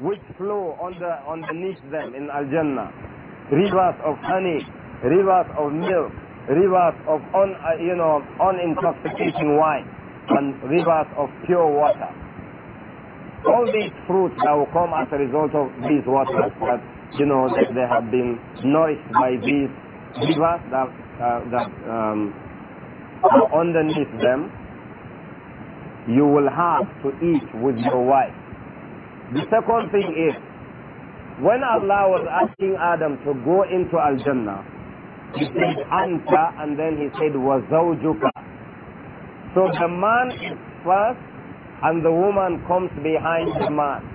which flow under, underneath them in Al-Jannah. Rivers of honey, rivers of milk, rivers of un, uh, you know, unintoxicating wine, and rivers of pure water. All these fruits that will come as a result of these waters that, you know, that they have been nourished by these rivers that, uh, that um, underneath them, you will have to eat with your wife. The second thing is, when Allah was asking Adam to go into Al-Jannah, he said, Anta, and then he said, Wazawjuka. So the man is first, and the woman comes behind the man.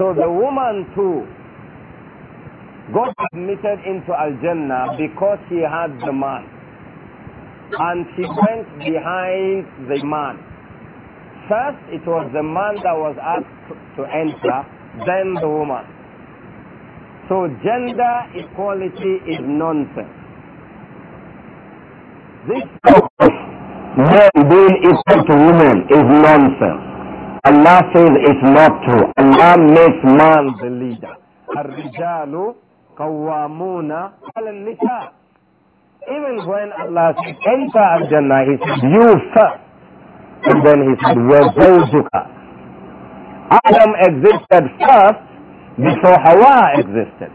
So the woman too got admitted into Al-Jannah because she had the man. And she went behind the man. First, it was the man that was asked to enter, then the woman. So gender equality is nonsense. This men being equal to women is nonsense. Allah says it's not true. Allah makes man the leader. Even when Allah says enter al-Jannah, He says you first. And then he said, وَزَوْجُكَ Adam existed first before Hawa existed.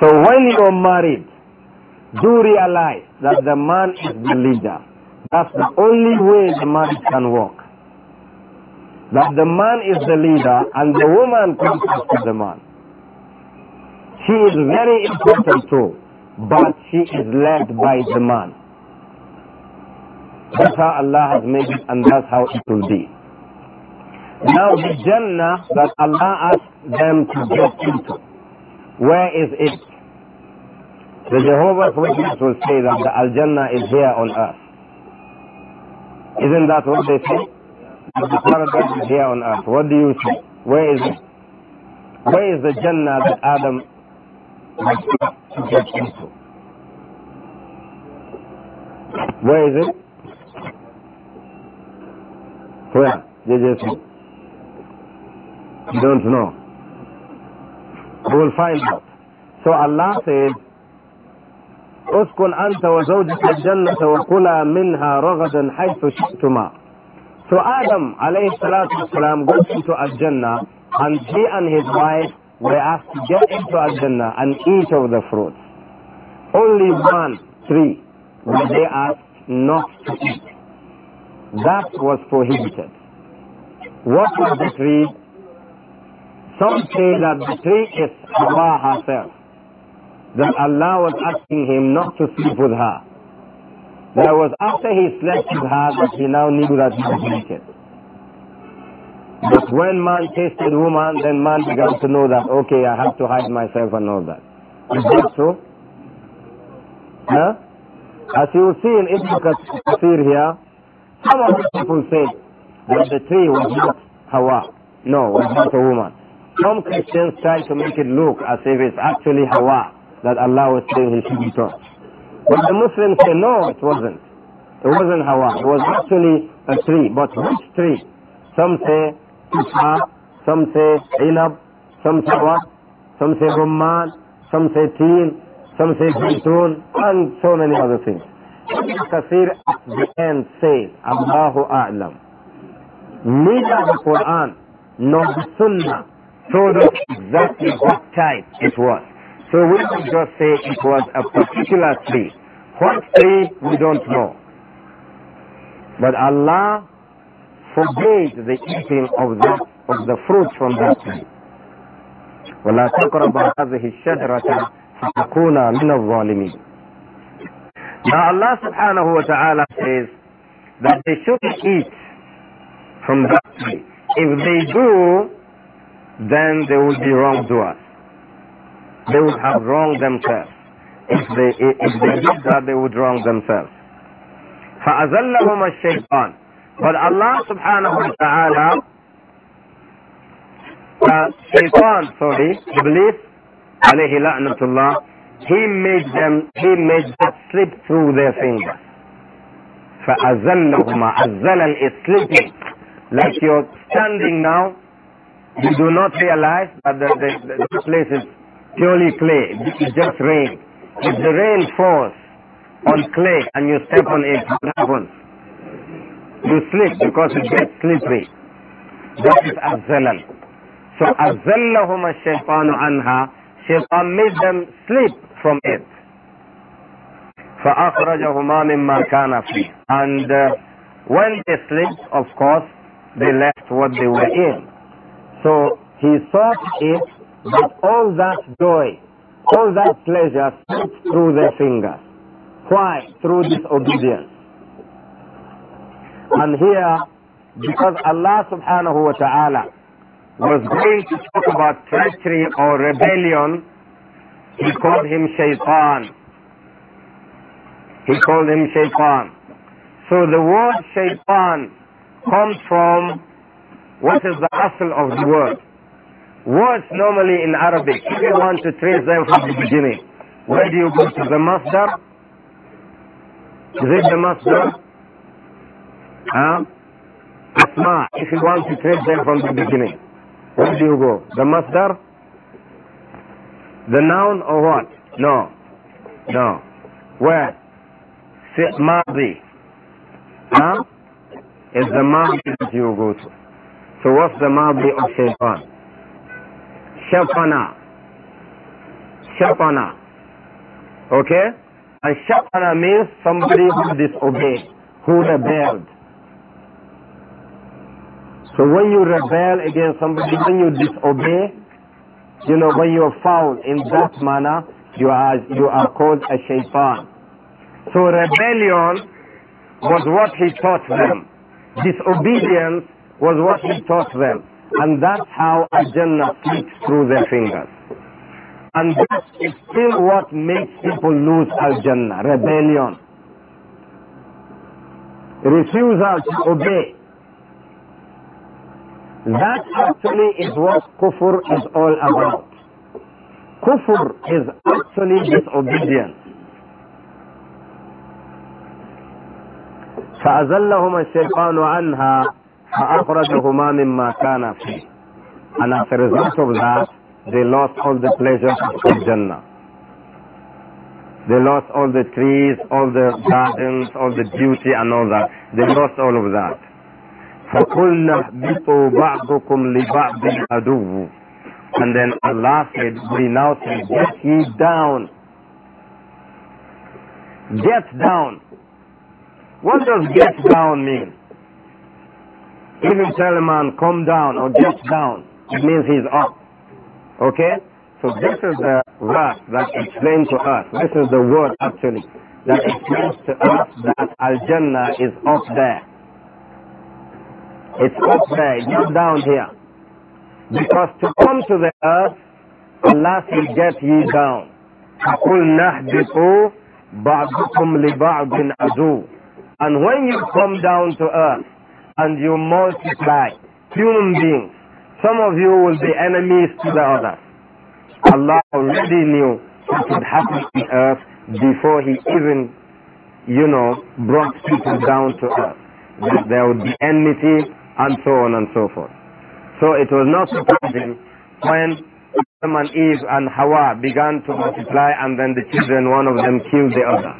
So when you're married, do realize that the man is the leader. That's the only way the marriage can work. That the man is the leader and the woman comes after the man. She is very important too, but she is led by the man. That's how Allah has made it and that's how it will be. Now the Jannah that Allah asked them to get into, where is it? The Jehovah's Witnesses will say that the Al-Jannah is here on earth. Isn't that what they say? That the paradise is here on earth. What do you say? Where is it? Where is the Jannah that Adam was to get into? Where is it? Where? JJC. You don't know. We will find out. So Allah says, اسكن أنت وزوجك الجنة وكلا منها رغدا حيث شئتما. So Adam عليه salatu wasalam goes into Al-Jannah and he and his wife were asked to get into Al-Jannah and eat of the fruits. Only one, tree were they asked not to eat. That was prohibited. What was the tree? Some say that the tree is Allah herself. That Allah was asking him not to sleep with her. That was after he slept with her that he now knew that he was naked. But when man tasted woman, then man began to know that, okay, I have to hide myself and all that. Is that so? Huh? As you will see in Ibn Kathir here, some of the people said that the tree was not Hawa. No, was not a woman. Some Christians try to make it look as if it's actually Hawa that Allah was saying he should be But the Muslims say no, it wasn't. It wasn't Hawa. It was actually a tree. But which tree? Some say Tufa, some say Inab, some say what? Some say Rumman, some say Teen, some say Zaitun, and so many other things. Kathir at the end says, Allahu A'lam. Neither the Quran nor the Sunnah told us exactly what type it was. So we will just say it was a particular tree. What tree, we don't know. But Allah forbade the eating of, the of the fruit from that tree. ولا تقرب هذه الشجرة فتكون من الظالمين now Allah subhanahu wa ta'ala says that they shouldn't eat from that tree. If they do, then they will be wronged. They would have wronged themselves. If they, if they did that, they would wrong themselves. فَأَزَلَّهُمَ الشَّيْطَانِ But Allah subhanahu wa ta'ala, uh, shaitan, sorry, Iblis, alayhi la'natullah, he made them, he made that slip through their fingers. فَأَزَلَّهُمَا أَزَّلَ is slipping. Like you're standing now, you do not realize that the, the, the place is purely clay. It's just rain. If the rain falls on clay and you step on it, what happens? You slip because it gets slippery. That is azalal. So azallahuma shaytanu anha. Shaytan made them slip from it. فَأَخْرَجَهُمَا مِمَّا كَانَ فِيهِ And uh, when they slept, of course, they left what they were in. So he thought it, that all that joy, all that pleasure slipped through their fingers. Why? Through disobedience. And here, because Allah subhanahu wa ta'ala was going to talk about treachery or rebellion he called him shaitan. He called him shaitan. So the word shaitan comes from what is the asl of the word. Words normally in Arabic, if you want to trace them from the beginning, where do you go to the master? Is it the master? Huh? Asma, if you want to trace them from the beginning, where do you go? The master? The noun or what? No. No. Where? Madi. Huh? It's the Madi that you go to. So what's the Madi of shaitan? Shafana. Shafana. Okay? And shafana means somebody who disobeyed, who rebelled. So when you rebel against somebody, when you disobey, you know, when you are foul in that manner, you are, you are called a shaitan. So rebellion was what he taught them. Disobedience was what he taught them. And that's how Al-Jannah slips through their fingers. And that is still what makes people lose Al-Jannah, rebellion. Refusal to obey that actually is what kufr is all about. Kufr is actually disobedience. فأزلهما الشيطان عنها فأخرجهما مما كان فيه. And as a result of that, they lost all the pleasures of Jannah. They lost all the trees, all the gardens, all the beauty and all that. They lost all of that. فَقُلْنَا اهْبِطُوا بَعْضُكُمْ لِبَعْضٍ عَدُوٌّ And then Allah said, we now say, get ye down. Get down. What does get down mean? Even tell a man, come down or get down. It means he's up. Okay? So this is the verse that explains to us, this is the word actually, that explains to us that Al-Jannah is up there. It's up there, not down here. Because to come to the earth, Allah will get you down. And when you come down to earth and you multiply human beings, some of you will be enemies to the others. Allah already knew what would happen on earth before he even, you know, brought people down to earth. That there would be enmity, and so on and so forth. So it was not surprising when Adam and Eve and Hawa began to multiply and then the children, one of them killed the other.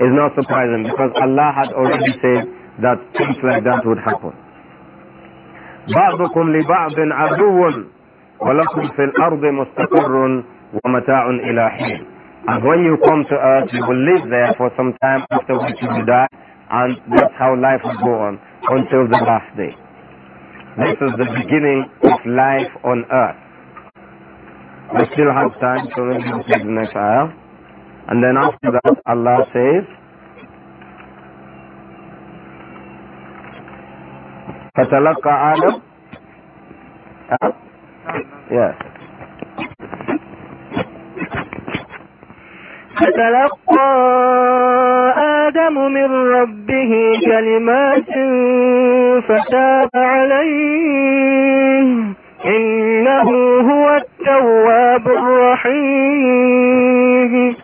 It's not surprising because Allah had already said that things like that would happen. بعضكم لبعض عدو ولكم في الأرض مستقر ومتاع إلى حين And when you come to earth, you will live there for some time after which you die, and that's how life will go on until the last day. This is the beginning of life on earth. We still have time, so maybe we'll the next ayah. And then after that, Allah says, فتلقى آدم yes فتلقى آدم من ربه كلمات فتاب عليه إنه هو التواب الرحيم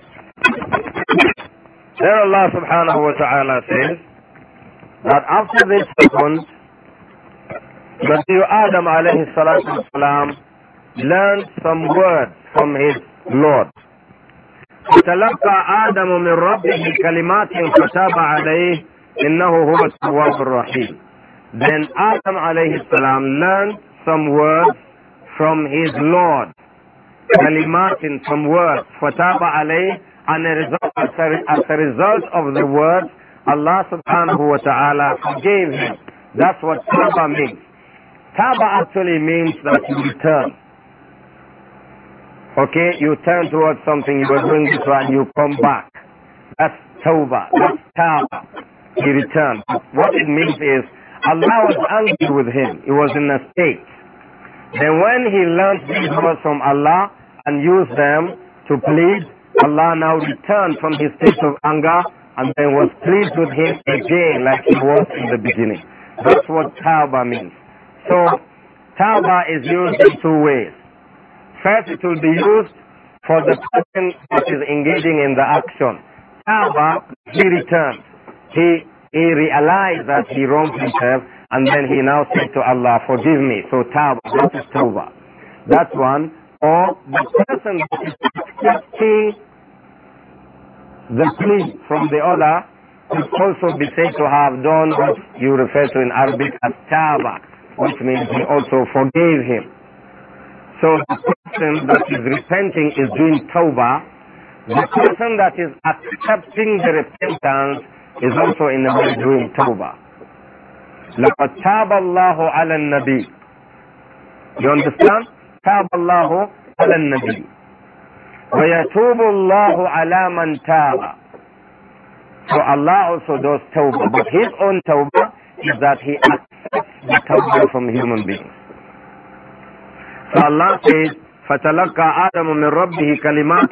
There Allah subhanahu wa ta'ala says that after this happened that Adam alayhi salatu salam learned some words from his Lord. تلقى آدم من ربه كلمات فتاب عليه إنه هو التواب الرحيم Then Adam عليه السلام learned some words from his Lord. كلمات some words. فتاب عليه And as a result of the words, Allah سبحانه وتعالى ta'ala forgave him. That's what taba means. Taba actually means that you return. Okay, you turn towards something, you were doing this and you come back. That's tawbah, that's tawbah. He returned. What it means is, Allah was angry with him. He was in a state. Then when he learned these words from Allah and used them to plead, Allah now returned from his state of anger and then was pleased with him again like he was in the beginning. That's what tawbah means. So, tawbah is used in two ways. First, it will be used for the person that is engaging in the action. However, he returned. He, he realized that he wronged himself and then he now said to Allah, forgive me. So tawbah, that is tawbah. That's one. Or the person that is accepting the plea from the other could also be said to have done what you refer to in Arabic as tawbah, which means he also forgave him. So the person that is repenting is doing tawbah, the person that is accepting the repentance is also in the way doing tawbah. لَقَدْ تَابَ اللَّهُ عَلَى النَّبِيِّ You understand? تَابَ اللَّهُ عَلَى النَّبِيِّ وَيَتُوبُ اللَّهُ عَلَى مَنْ تَابَ So Allah also does tawbah, but His own tawbah is that He accepts the tawbah from human beings. So Allah says, فتلقى آدم من ربه كلمات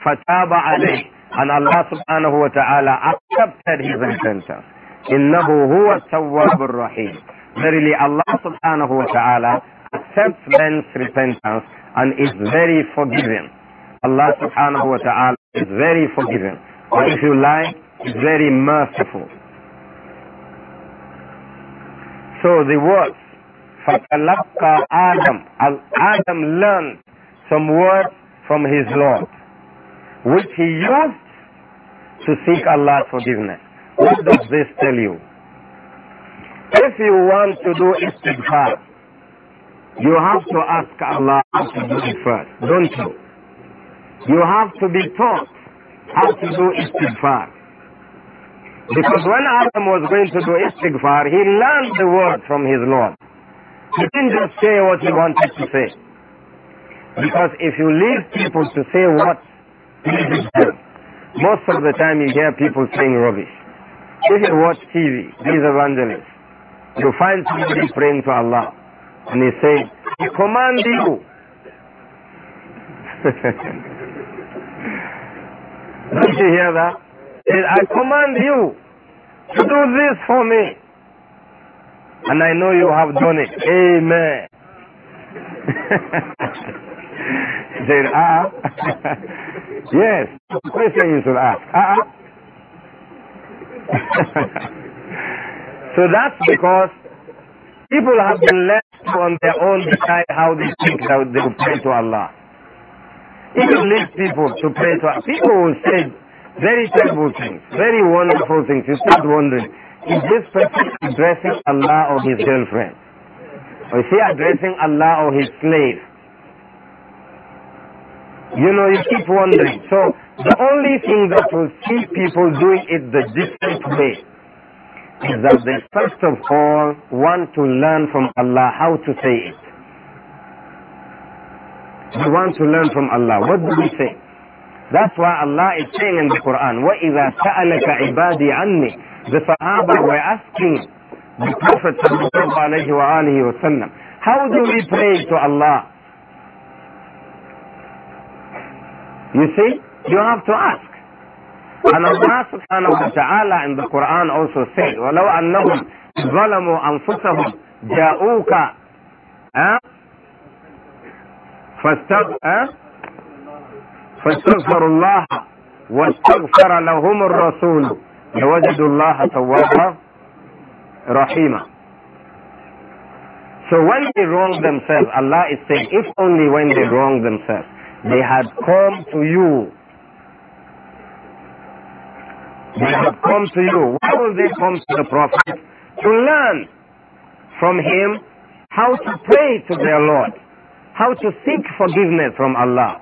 فتاب عليه and Allah subhanahu wa ta'ala accepted his repentance إنه هو التواب الرحيم Verily Allah subhanahu wa ta'ala accepts men's repentance and is very forgiving Allah subhanahu wa ta'ala is very forgiving or if you like is very merciful so the words فتلقى Adam, Adam learned some word from his Lord, which he used to seek Allah's forgiveness. What does this tell you? If you want to do istighfar, you have to ask Allah to do it first, don't you? You have to be taught how to do istighfar. Because when Adam was going to do istighfar, he learned the word from his Lord. He didn't just say what he wanted to say. Because if you leave people to say what pleases them, most of the time you hear people saying rubbish. If you watch TV, these evangelists, you find somebody praying to Allah and he says, I command you. Don't you hear that? I command you to do this for me. And I know you have done it. Amen. said, ah. Uh, uh. yes, the question you should ask. Ah. so that's because people have been left on their own decide how they think they will pray to Allah. you leave people to pray to Allah. People will say very terrible things, very wonderful things. You start wondering, is this person addressing Allah or his girlfriend? Or is he addressing Allah or his slave? You know, you keep wondering. So the only thing that will see people doing it the different way is that they first of all want to learn from Allah how to say it. They want to learn from Allah. What do we say? That's why Allah is saying in the Quran, وَإِذَا سَأَلَكَ عِبَادِي عَنِّي The Sahaba were asking the Prophet وسلم, how do we pray to Allah? You see, you have to ask. And Allah subhanahu wa ta'ala in the Quran also said, وَلَوْ أَنَّهُمْ ظَلَمُوا أَنفُسَهُمْ جَاءُوكَ wa الله واستغفر لهم الرسول لوجدوا الله توابا رحيما So when they wrong themselves, Allah is saying, if only when they wrong themselves. They had come to you. They had come to you. Why would they come to the Prophet? To learn from him how to pray to their Lord, how to seek forgiveness from Allah.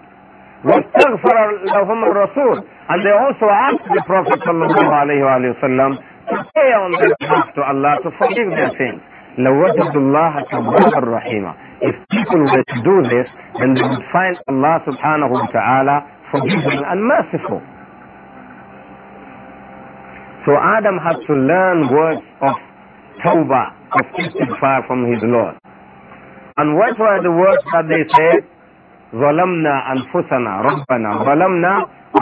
واستغفر لهم Rasul, and they also asked the Prophet وسلم to pray on their behalf to Allah to forgive their sins لوجد الله if people were to do this and they would find Allah subhanahu wa ta'ala forgiving and merciful. So Adam had to learn words of tawbah, of far from his Lord. And what were the words that they said? ظلمنا أنفسنا ربنا ظلمنا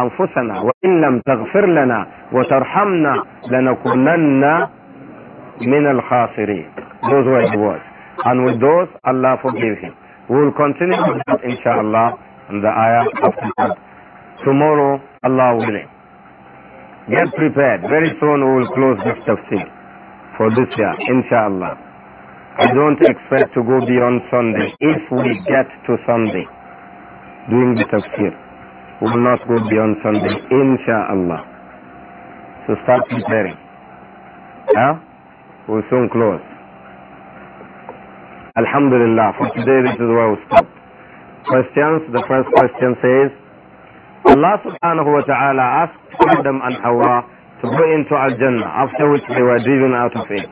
أنفسنا وإن لم تغفر لنا وترحمنا لنكونن من الخاسرين. Those were the words. And with those, Allah forgave him. We will continue with that inshallah and the ayah after that. Tomorrow, Allah willing. Get prepared. Very soon we will close this tafsir for this year, inshallah. I don't expect to go beyond Sunday. If we get to Sunday doing the tafsir, we will not go beyond Sunday, inshallah. So start preparing. Yeah? We'll soon close. Alhamdulillah, for today this is where we stop. Questions, the first question says, Allah subhanahu wa ta'ala asked Adam and Hawa to go into Al-Jannah, after which they were driven out of it.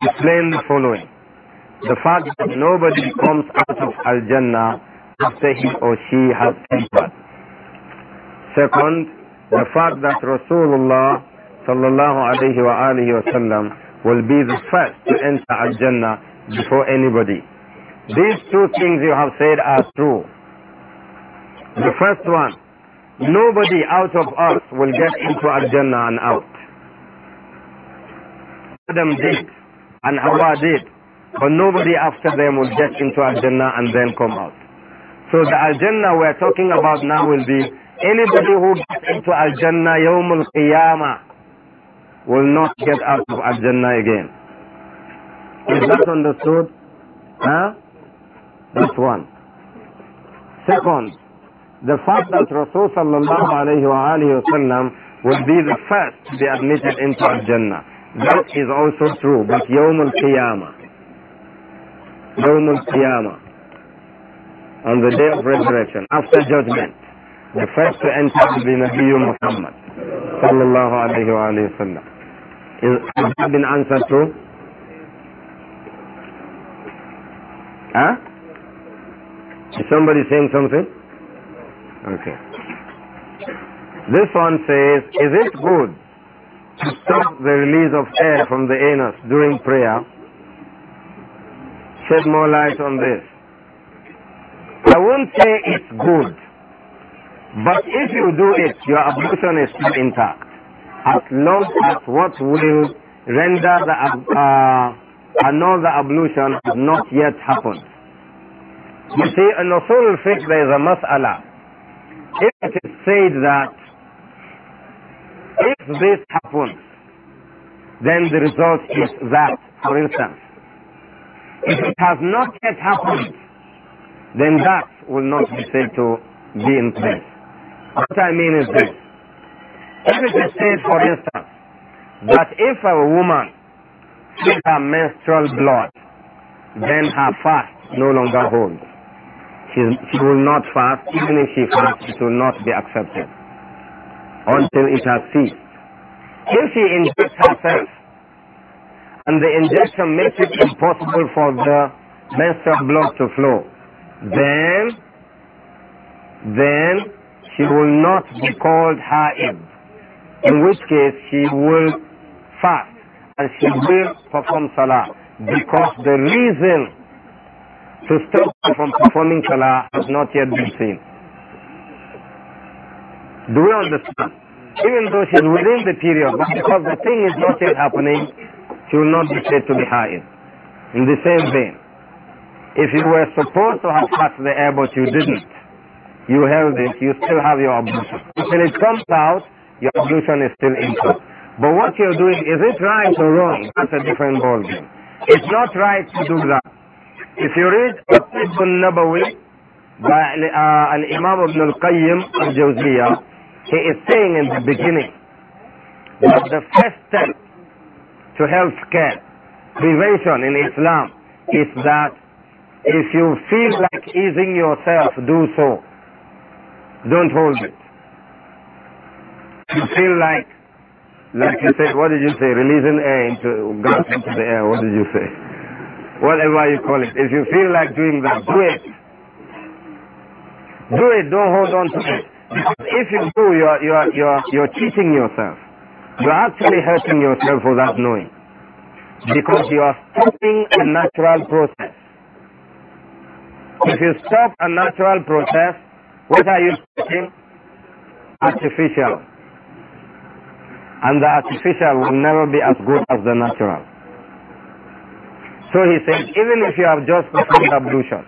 Explain the following. The fact that nobody comes out of Al-Jannah after he or she has entered. Second, the fact that Rasulullah sallallahu alayhi wa alihi wa sallam will be the first to enter Al-Jannah before anybody. These two things you have said are true. The first one, nobody out of us will get into Al-Jannah and out. Adam did, and Hawa did, but nobody after them will get into Al-Jannah and then come out. So the Al-Jannah we're talking about now will be anybody who gets into Al-Jannah Yawmul Qiyamah will not get out of Al-Jannah again. Is that understood? Huh? That's one. Second, the fact that Rasul sallallahu alayhi wa would be the first to be admitted into Al-Jannah. That is also true, but Yawm al-Qiyamah. Yawm al-Qiyamah. On the day of resurrection, after judgment, the first to enter will be Nabi Muhammad sallallahu alayhi wa sallam. Has that been answered true? Huh? Is somebody saying something? Okay. This one says, is it good to stop the release of air from the anus during prayer? Shed more light on this. I won't say it's good, but if you do it, your ablution is still intact. As long as what will render the uh, another ablution has not yet happened. You see, in Usul al-Fiqh there is a mas'ala. If it is said that if this happens, then the result is that, for instance. If it has not yet happened, then that will not be said to be in place. What I mean is this. If it is said, for instance, that if a woman split her menstrual blood, then her fast no longer holds. She, she will not fast, even if she fasts, it will not be accepted until it has ceased. If she injects herself and the injection makes it impossible for the menstrual blood to flow, then, then she will not be called ha'ib, in which case she will fast and she will perform salah because the reason to stop her from performing salah has not yet been seen. Do we understand? Even though she's within the period, but because the thing is not yet happening, she will not be said to be hired. In the same vein, if you were supposed to have passed the air but you didn't, you held it, you still have your ablution. Until it comes out, your ablution is still intact. But what you're doing, is it right or wrong? That's a different ballgame. It's not right to do that. If you read Al-Tibbu Nabawi by uh, imam Ibn Al-Qayyim Al-Jawziyah, he is saying in the beginning that the first step to health care, prevention in Islam, is that if you feel like easing yourself, do so. Don't hold it. you feel like like you said, what did you say? Releasing air into, gas into the air. What did you say? Whatever you call it. If you feel like doing that, do it. Do it. Don't hold on to it. Because if you do, you're, you're, you're, you're cheating yourself. You're actually hurting yourself without knowing. Because you are stopping a natural process. If you stop a natural process, what are you stopping? Artificial and the artificial will never be as good as the natural. So he said, even if you have just performed ablution,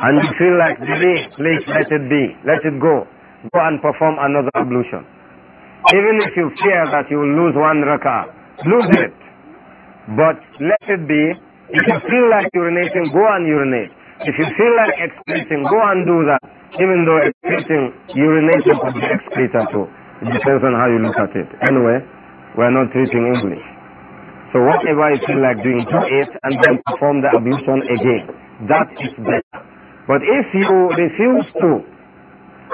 and you feel like, please let it be, let it go, go and perform another ablution. Even if you fear that you will lose one rakah, lose it. But let it be, if you feel like urinating, go and urinate. If you feel like excreting, go and do that, even though excreting, urinating could be excreta too. It depends on how you look at it. Anyway, we're not teaching English. So whatever you feel like doing, do it and then perform the ablution again. That is better. But if you refuse to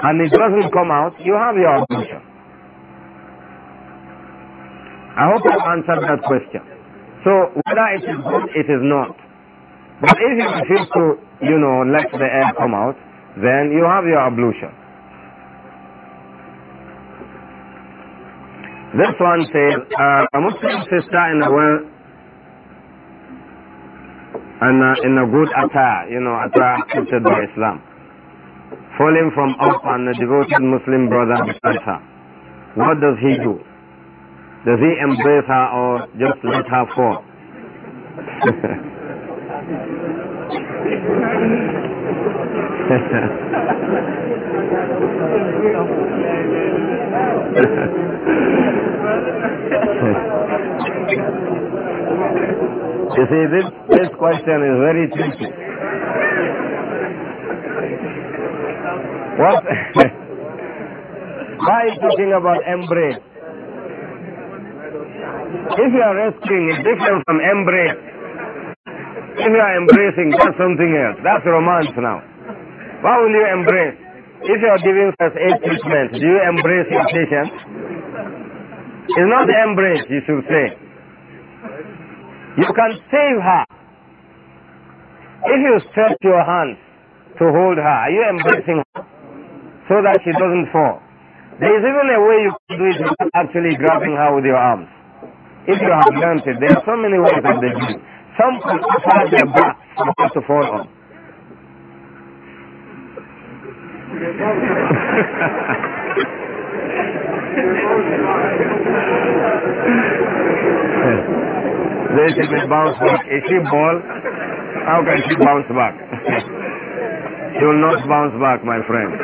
and it doesn't come out, you have your ablution. I hope I answered that question. So whether it is good, it is not. But if you refuse to, you know, let the air come out, then you have your ablution. This one says, uh, a Muslim sister in a well, and uh, in a good attire, you know, attire accepted by Islam, falling from up on a devoted Muslim brother beside her. What does he do? Does he embrace her or just let her fall? you see, this, this question is very tricky. What? Why is talking about embrace? If you are asking it's different from embrace. If you are embracing, that's something else. That's romance now. What will you embrace? If you are giving such a treatment, do you embrace your patient? It's not embrace, you should say. You can save her. If you stretch your hand to hold her, are you embracing her so that she doesn't fall? There is even a way you can do it without actually grabbing her with your arms. If you have learned it, there are so many ways that they do. Some can offer their back to fall on. This she will bounce back. ball, how can she bounce back? she will not bounce back, my friend.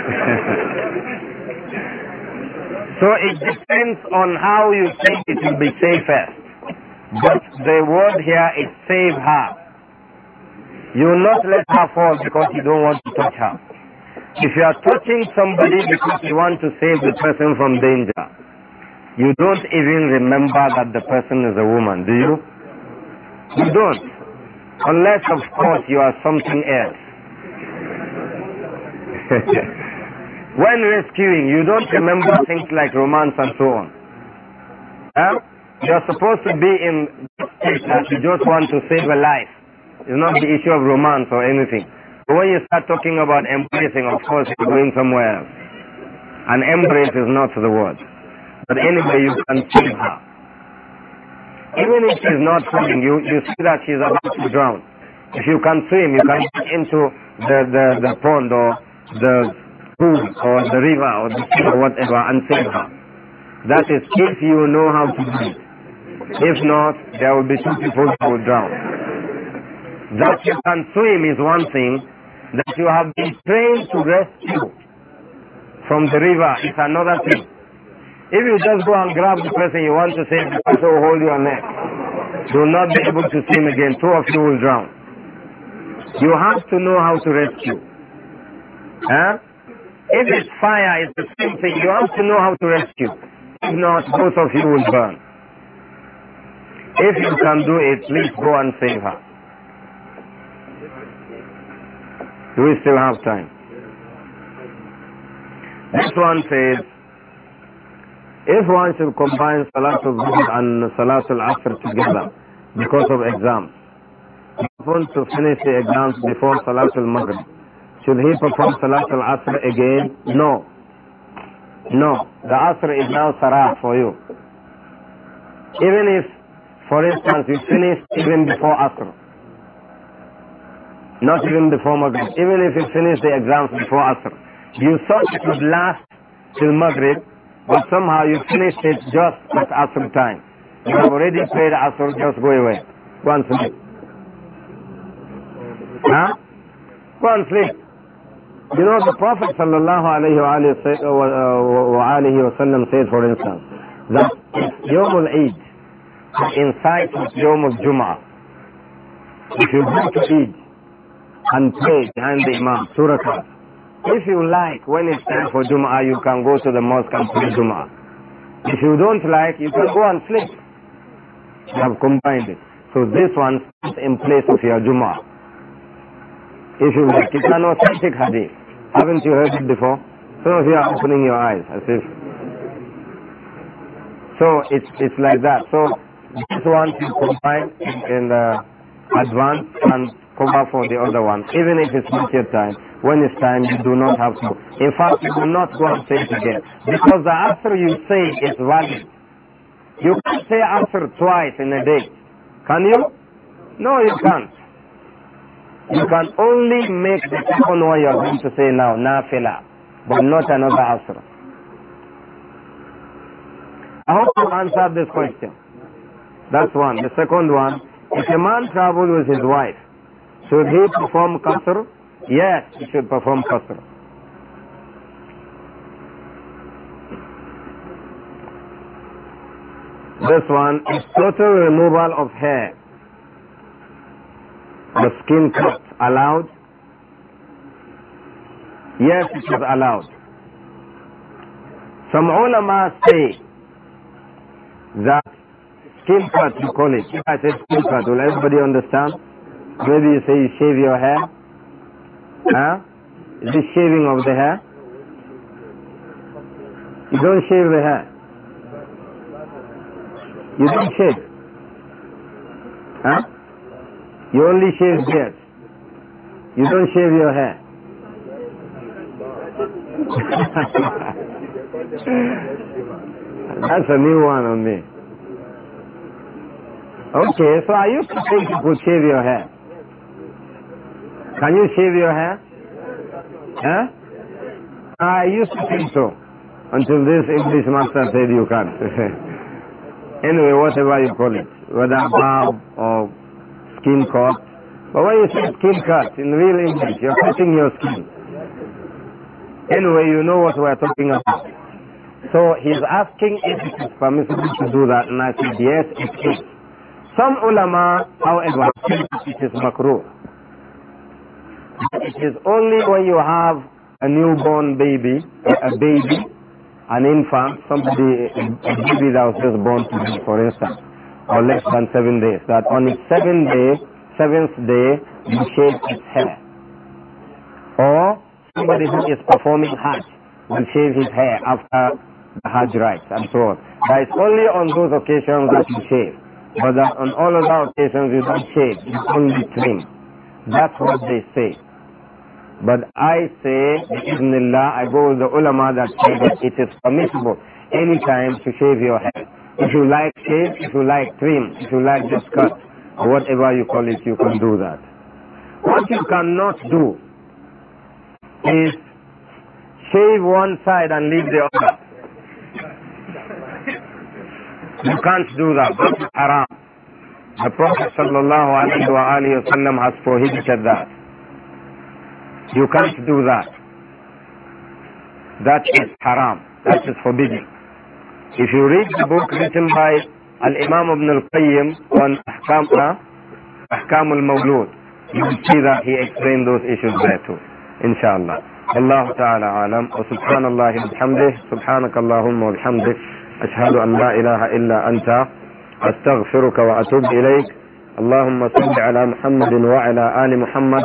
so it depends on how you think it will be safest. But the word here is save her. You will not let her fall because you don't want to touch her. If you are touching somebody because you want to save the person from danger, you don't even remember that the person is a woman, do you? You don't. Unless, of course, you are something else. when rescuing, you don't remember things like romance and so on. You're supposed to be in that state that you just want to save a life. It's not the issue of romance or anything when you start talking about embracing, of course, you're going somewhere else. And embrace is not the word. But anyway, you can see her. Even if she's not swimming, you, you see that she's about to drown. If you can swim, you can get into the, the, the pond or the pool or the river or the sea or whatever and save her. That is if you know how to do it. If not, there will be two people who will drown. That you can swim is one thing, that you have been trained to rescue from the river is another thing. If you just go and grab the person you want to save, the person will hold your neck. You will not be able to swim again. Two of you will drown. You have to know how to rescue. Huh? If it's fire, it's the same thing. You have to know how to rescue. If not, both of you will burn. If you can do it, please go and save her. Do we still have time? This one says, if one should combine Salatul Zuhr and Salatul Asr together because of exams, one to finish the exams before Salatul Maghrib, should he perform Salatul Asr again? No. No. The Asr is now Sarah for you. Even if, for instance, you finish even before Asr, not even before Maghrib. Even if you finish the exams before Asr. You thought it would last till Maghrib, but somehow you finished it just at Asr time. You have already prayed Asr, just go away. Go and sleep. Huh? Go and sleep. You know, the Prophet sallallahu alayhi wa uh, uh, said, for instance, that Yom al-Eid coincides with Yom al-Jum'ah. If you go to Eid, and pray behind the Imam, two If you like, when it's time for Jum'ah, you can go to the mosque and pray Jum'ah. If you don't like, you can go and sleep. You have combined it. So this one stands in place of your Jum'ah. If you like, it's an authentic hadith. Haven't you heard it before? Some of you are opening your eyes as if. So it's, it's like that. So this one you combine in, in the uh, advance and Come back for the other one, even if it's not your time. When it's time, you do not have to. In fact, you do not go and say it again. Because the answer you say is valid. You can't say answer twice in a day. Can you? No, you can't. You can only make the second one you're going to say now, nafila, but not another answer. I hope you answered this question. That's one. The second one, if a man travels with his wife should he perform qasr? Yes, he should perform qasr. This one is total removal of hair. The skin cut allowed? Yes, it is allowed. Some ulama say that skin cut, you call it. If I say skin cut, will everybody understand? Where do you say you shave your hair? Huh? Is this shaving of the hair? You don't shave the hair. You don't shave. Huh? You only shave beard. You don't shave your hair. That's a new one on me. Okay, so I used to think you could shave your hair. Can you shave your hair? Huh? I used to think so until this English master said you can't. anyway, whatever you call it, whether barb or skin cut. But when you say skin cut in real English, you're cutting your skin. Anyway, you know what we're talking about. So he's asking if it is permissible to do that, and I said yes, it is. Some ulama, however, think it is makruh. It is only when you have a newborn baby, a baby, an infant, somebody, a baby that was just born today, for instance, or less than seven days, that on its seventh day, seventh day, you shave its hair. Or somebody who is performing Hajj will shave his hair after the Hajj rites and so on. That is only on those occasions that you shave. But on all other occasions you don't shave, you only trim. That's what they say. But I say, Bismillah, I go with the ulama that say that it is permissible any time to shave your head. If you like shave, if you like trim, if you like just cut, whatever you call it, you can do that. What you cannot do is shave one side and leave the other. You can't do that. That's haram. The Prophet wasallam has prohibited that. You can't do that. That is haram. That is forbidden. If you read the book written by Al-Imam Ibn Al-Qayyim on Ahkam uh, Al-Mawlud, you will see that he explained those issues there too. Inshallah. الله تعالى عالم وسبحان الله وبحمده سبحانك اللهم وبحمدك أشهد أن لا إله إلا أنت أستغفرك وأتوب إليك اللهم صل على محمد وعلى آل محمد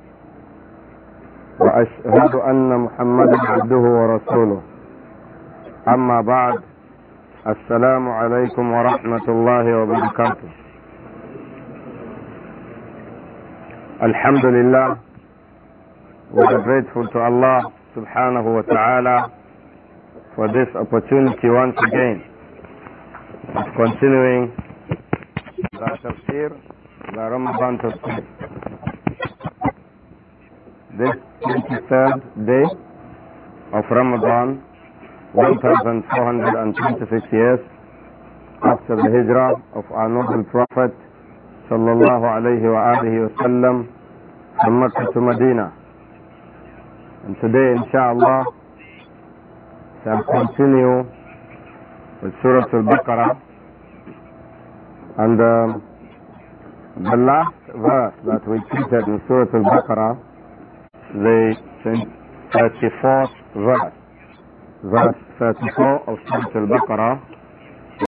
وأشهد أن محمد عبده ورسوله أما بعد السلام عليكم ورحمة الله وبركاته الحمد لله we are grateful to Allah subhanahu wa ta'ala for this opportunity once again of continuing the tafsir, the Ramadan tafsir. This 23rd day of Ramadan, 1426 years after the hijrah of our noble Prophet sallallahu alaihi wasallam from Mecca to Medina. And today, inshallah, shall continue with Surah Al-Baqarah and uh, the last verse that we treated in Surah Al-Baqarah the 34th verse, verse 34 of Surah Al-Baqarah,